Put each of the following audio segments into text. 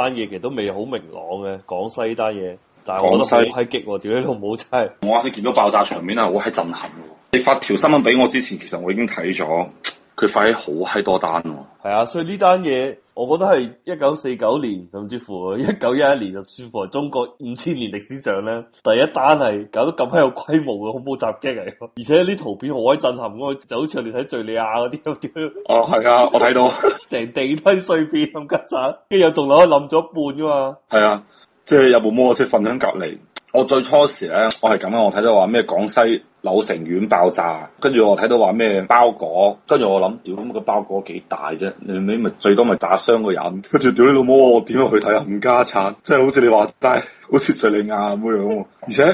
單嘢其實都未好明朗嘅，廣西單嘢，但係我都好嗨激，屌你老母真係！啊、我啱先見到爆炸場面啊，好嗨震撼！你發條新聞俾我之前，其實我已經睇咗，佢發起好嗨多單喎、啊。係啊，所以呢單嘢。我覺得係一九四九年，甚至乎一九一一年，就算喺中國五千年歷史上咧，第一單係搞到咁閪有規模嘅恐怖襲擊嚟。而且啲圖片好鬼震撼，就好似我哋睇敘利亞嗰啲。哦，係啊， 我睇到成 地堆碎片咁夾雜，又跟住棟樓都冧咗一半噶嘛。係啊，即係有部摩托車瞓喺隔籬。我最初時咧，我係咁樣，我睇到話咩廣西。柳城縣爆炸，跟住我睇到話咩包裹，跟住我諗，屌咁個包裹幾大啫？你你咪最多咪炸傷個人，跟住屌你老母喎！點去睇冚家產？即係好似你話，齋係好似敍利亞咁樣喎。而且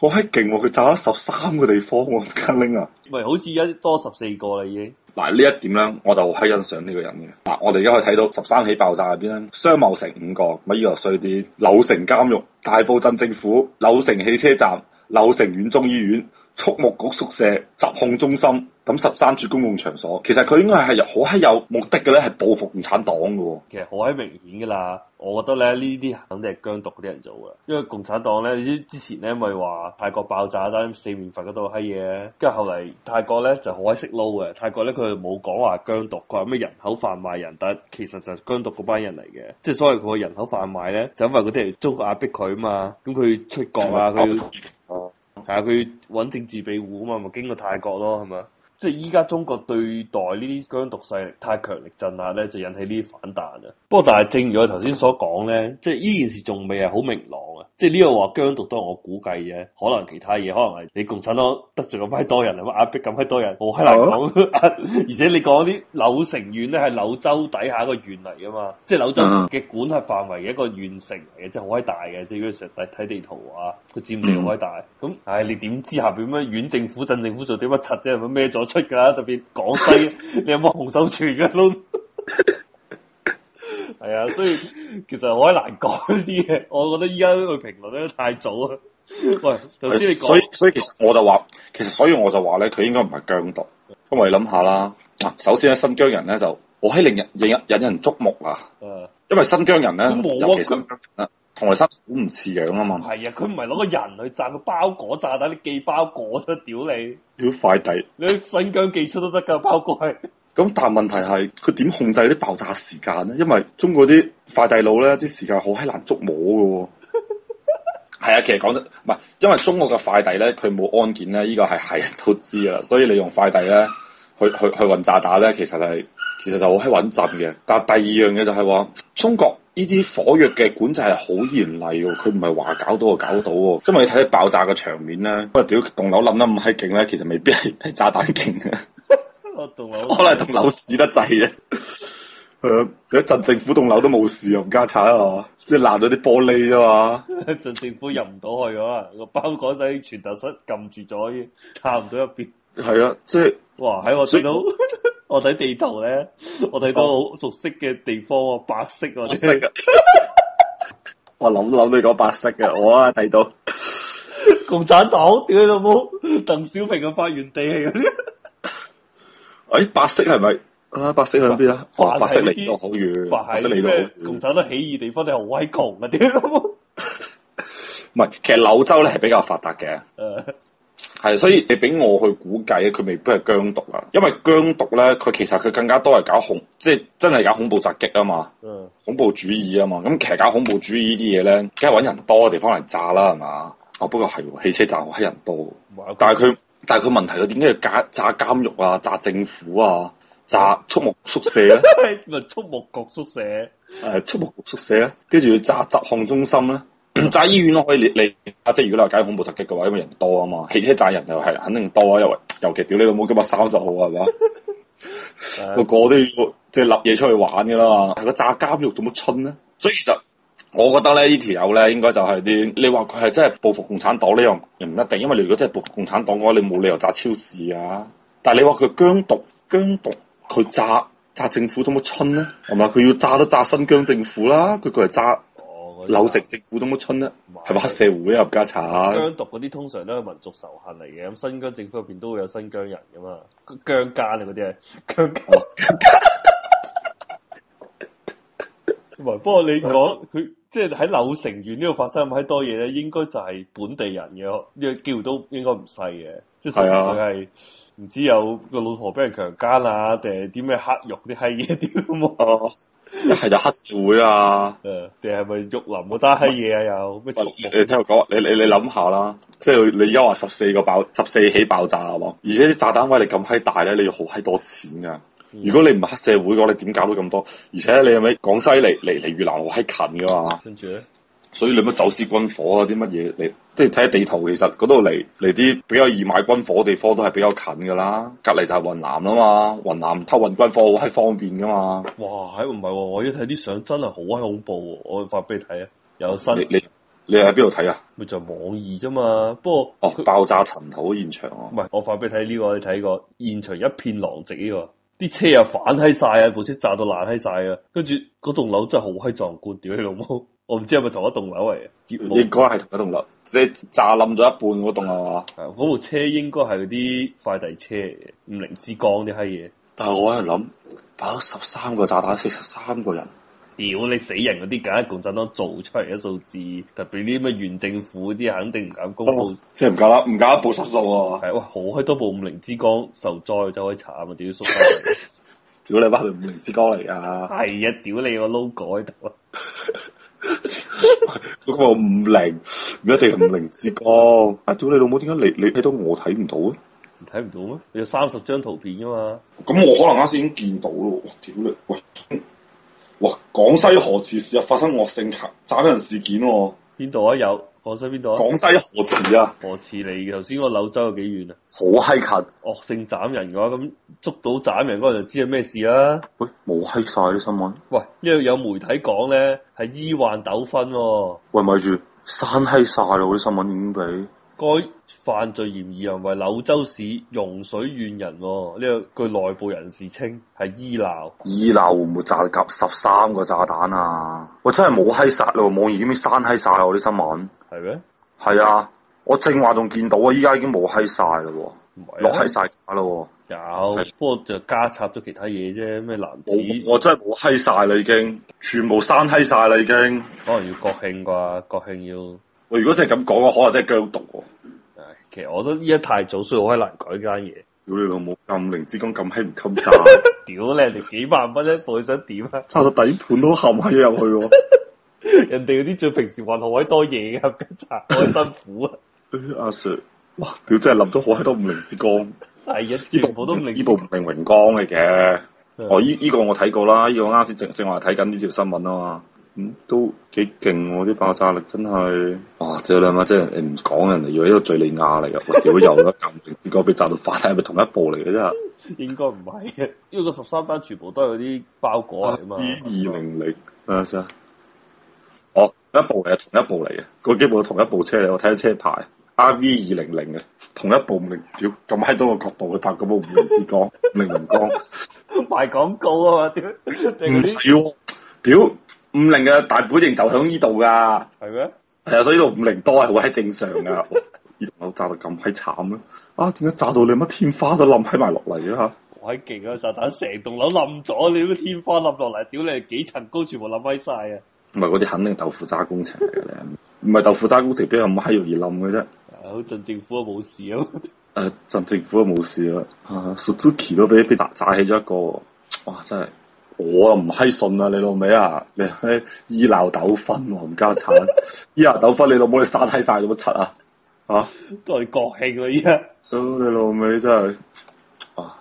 好閪勁喎，佢炸咗十三個地方喎，家拎啊！唔係好似一多十四個啦已經。嗱呢一點咧，我就好閪欣賞呢個人嘅。嗱，我哋而家可以睇到十三起爆炸入邊咧？商貿城五個，咪依個瑞典柳城監獄、大埔鎮政府、柳城汽車站。柳城縣中醫院、畜牧局宿舍、疾控中心，咁十三處公共場所，其實佢應該係好閪有目的嘅咧，係報復共產黨嘅喎。其實好閪明顯㗎啦，我覺得咧呢啲肯定係疆獨嗰啲人做嘅，因為共產黨咧，你知之前咧咪話泰國爆炸啦，四面佛嗰度閪嘢，跟住後嚟泰國咧就好閪識撈嘅，泰國咧佢冇講話疆獨，佢話咩人口販賣人，但其實就係疆獨嗰班人嚟嘅，即係所謂佢嘅人口販賣咧，就因為嗰啲中國壓迫佢啊嘛，咁佢出國啊，佢。 係啊，佢揾政治庇護啊嘛，咪、就是、經過泰國咯，係咪啊？即係依家中國對待呢啲疆獨勢力太強力鎮壓咧，就引起呢啲反彈啊！不過但係正如我頭先所講咧，即係依件事仲未係好明朗啊！即係呢個話疆獨都係我估計嘅可能其他嘢，可能係你共產黨得罪咁閪多人，壓逼咁閪多人，好閪難講。哦、 而且你講啲柳城縣咧係柳州底下一個縣嚟㗎嘛，即係柳州嘅管轄範圍嘅一個縣城嚟嘅，真係好閪大嘅。即係要成嚟睇地圖啊，佢佔地好閪大。咁唉、嗯哎，你點知下邊咩縣政府、鎮政府做啲乜柒啫？咁咩？咗。出噶，特別廣西， 你有冇紅手串嘅都？係 啊，所以其實好難講啲嘢。我覺得依家去評論咧太早啊。喂，頭先你講所以所以其實我就話，其實所以我就話咧，佢應該唔係疆獨， 因為你諗下啦。啊，首先咧新疆人咧就，我係令人引引人注目啊，因為新疆人咧、嗯、尤其新疆啊。同埋生好唔似樣啊嘛，係啊，佢唔係攞個人去炸個包裹炸彈，你寄包裹出屌 你，屌快遞，你新疆寄出都得噶包裹去。咁 但係問題係佢點控制啲爆炸時間咧？因為中國啲快遞佬咧啲時間好閪難捉摸噶。係 啊，其實講真，唔係，因為中國嘅快遞咧，佢冇安檢咧，呢、呢個係係人都知噶啦，所以你用快遞咧。 去去去運炸彈咧，其實係其實就好閪穩陣嘅。但係第二樣嘢就係話，中國呢啲火藥嘅管制係好嚴厲嘅，佢唔係話搞到就搞到喎。因為你睇爆炸嘅場面咧，我話屌棟樓冧得唔閪勁咧，其實未必係炸彈勁嘅。棟 樓我可能棟樓屎得滯啊！誒， 一 陣政府棟樓都冇事，用，家產啊！即係爛咗啲玻璃啫嘛。一陣政府入唔到去咗啦，個包裹仔全頭塞撳住咗，差唔多入邊。係啊，即係哇！喺我睇到，我睇 地圖咧，我睇到好熟悉嘅地方，啊，白色啊，色我諗諗你講白色嘅，我啊睇到共產黨屌你老母，鄧小平嘅發源地係嗰啲，哎，白色係咪啊？白色去邊啊？哦，白色離呢度好遠，白色離到好遠。共產黨起義地方你好威窮啊，屌唔係，其實柳州咧係比較發達嘅。 係，所以你俾我去估計，佢未必係疆獨啊。因為疆獨咧，佢其實佢更加多係搞恐，即係真係搞恐怖襲擊啊嘛。嗯、恐怖主義啊嘛。咁其實搞恐怖主義呢啲嘢咧，梗係搵人多嘅地方嚟炸啦，係嘛？哦，不過係、哦、汽車站好人多，、嗯但，但係佢但係佢問題，佢點解要炸炸監獄啊？炸政府啊？炸畜牧宿舍咧？咪畜牧局宿舍、啊？誒，畜牧局宿舍咧，跟住要炸疾控中心咧。炸醫院都可以嚟，啊！即係如果你話解恐怖襲擊嘅話，因為人多啊嘛，汽車炸人就係肯定多啊，因為尤其屌你老母今日三十號係嘛？個個、嗯、 都要即係立嘢出去玩噶啦嘛。個炸監獄做乜春呢？所以其實我覺得咧，呢條友咧，應該就係、是、啲，你話佢係真係報復共產黨呢樣又唔一定，因為你如果真係報復共產黨嘅話，你冇理由炸超市啊。但係你話佢疆獨，疆獨，佢炸炸政府做乜春呢？係嘛，佢要炸都炸新疆政府啦，佢佢係炸。柳城政府都冇春啊！係咪黑社會入家產？疆獨嗰啲通常都係民族仇恨嚟嘅。咁新疆政府入邊都會有新疆人噶嘛？強姦啊嗰啲啊！強姦！唔 不，不過你講佢即係喺柳城縣呢度發生咁閪多嘢咧，應該就係本地人嘅，呢、這個幾乎都應該唔細嘅。即係純粹係唔知有個老婆俾人強姦啊，定係啲咩黑肉啲閪嘢啲一係就黑社會啊，定係咪玉林冇得閪嘢啊？啊又咩、啊？你聽我講，你你你諗下啦，即係你你而家話十四個爆十四起爆炸啊，而且啲炸彈威力咁閪大咧，你要好閪多錢噶。嗯、如果你唔係黑社會嘅話，你點搞到咁多？而且你係咪廣西嚟嚟嚟越南好閪近噶嘛、啊？跟住。所以你乜走私軍火啊？啲乜嘢你即係睇下地圖，其實嗰度嚟嚟啲比較易買軍火嘅地方都係比較近噶啦。隔籬就係雲南啦嘛，雲南偷運軍火好閪方便噶嘛。哇，係唔係？我一睇啲相真係好恐怖、哦，我發俾你睇啊！有新你你喺邊度睇啊？咪就網易啫嘛。不過哦，他爆炸塵土現場啊！唔係，我發俾你睇呢、這個，你睇、這個現場一片狼藉呢、這個，啲車又反閪晒啊，部車，起車炸到爛閪晒啊，跟住嗰棟樓真係好閪壯觀，屌你老母！ 我唔知係咪同一棟樓嚟，應該係同一棟樓，即係炸冧咗一半嗰棟係嘛？嗰、嗯、部車應該係啲快遞車，五菱之光啲閪嘢。但係我喺度諗，打咗十三個炸彈，四十三個人，屌你死人嗰啲，梗係共產黨做出嚟嘅數字，特別啲咩縣政府啲，肯定唔敢公布。即係唔夠啦，唔敢報實數。係喂、嗯，好閪多部五菱之光受災就可以慘 啊！屌你媽，條五菱之光嚟啊！係啊，屌你個 logo！嗰個五菱，唔一定係五菱之光。啊，屌你老母，點解你你睇到我睇唔到啊？睇唔到咩？你有三十張圖片噶嘛？咁我可能啱先已經見到咯。哇，屌你，喂，哇！廣西河池市啊發生惡性砍殺人事件喎。邊度啊？有。廣西邊度啊？廣西河池啊！河池嚟嘅，頭先個柳州有幾遠啊？好閪近！惡性斬人嘅話，咁捉到斬人嗰陣就知係咩事啦。喂，冇閪晒啲新聞。喂，呢度有媒體講咧係醫患糾紛，啊。喂，咪住，山閪晒咯啲新聞，已經俾？該犯罪嫌疑人為柳州市融水縣人，啊，呢個據內部人士稱係醫鬧。醫鬧會唔會炸夾十三個炸彈啊！我真係冇閪曬咯，網易已經刪閪曬我啲新聞。係咩嗎？係啊，我正話仲見到啊，依家已經冇閪曬嘞，唔係，落閪晒架嘞。有，不過是就加插咗其他嘢啫，咩男子。我，我真係冇閪晒啦，已經全部刪閪晒啦已經。可能要國慶啩，國慶要。我如果真係咁講嘅，可能真係僵毒。其實我覺得呢一太早，所以好難改呢嘢。屌你老母，咁五菱之光咁閪唔襟炸！屌你條幾萬蚊啫，佢想點啊？炸到底盤都冚閪入去喎！人哋嗰啲最平時運好閪多嘢噶，賺開辛苦啊！阿 Sir，哇！屌真係諗到好閪多五菱之光，係 啊，呢部都唔菱之光呢 部唔菱榮光嘅嘅。 哦，依依、這個我睇過啦，呢、這個啱先正正話睇緊呢條新聞啊。都幾勁喎！啲爆炸力真係，啊，即係你阿媽即係，你唔講人哋，以為一個敘利亞嚟噶，屌游咗咁，應該被炸到翻嚟咪同一部嚟嘅啫，應該唔係，因為個十三單全部都有啲包裹啊嘛，R V 二零零，係咪先？哦，一部嚟，同一部嚟嘅，個幾部係同一部車嚟，我睇下車牌，R V 二零零嘅，同一部明，屌咁喺多個角度去拍，咁多五零光，明零光，賣廣告啊嘛，屌，屌。五菱嘅大本營就響呢度噶，係咩嗎？係啊，所以呢度五菱多係好喺正常噶。棟 樓炸到咁閪慘咧，啊！點解炸到你乜天花都冧喺埋落嚟嘅吓？鬼勁啊！炸彈成棟樓冧咗，你啲天花冧落嚟，屌你！幾層高全部冧閪晒啊！唔係嗰啲肯定豆腐渣工程嚟嘅，唔係 豆腐渣工程，俾人抹喺度而冧嘅啫。鎮政府都冇事啊！誒，鎮政府都冇事啊！啊，Suzuki 都俾人打炸起咗一個，哇！真係～我又唔閪信啊！你老味啊， 你喺醫鬧糾紛冚家鏟，醫鬧糾紛你老母你刪閪晒做乜柒啊？吓，都係國慶啦依家。你老味真係，哇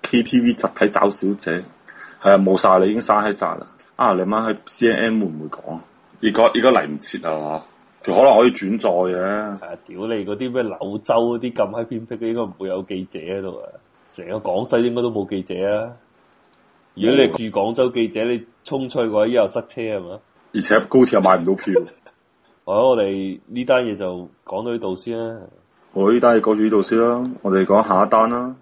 ！K T V 集體找小姐，係啊，冇晒你已經刪閪晒啦。啊，你媽喺 C N N 會唔會講啊？而家而家嚟唔切啊嘛，佢可能可以轉載嘅。誒、啊，屌你嗰啲咩柳州嗰啲咁閪偏僻嘅，應該唔會有記者喺度啊！成個廣西應該都冇記者啊！如果你住廣州，記者你衝出去嘅話，又塞車係嘛？而且高鐵又買唔到票。好，我哋呢單嘢就講到呢度先啦。好，呢單嘢講住呢度先啦，我哋講下一單啦。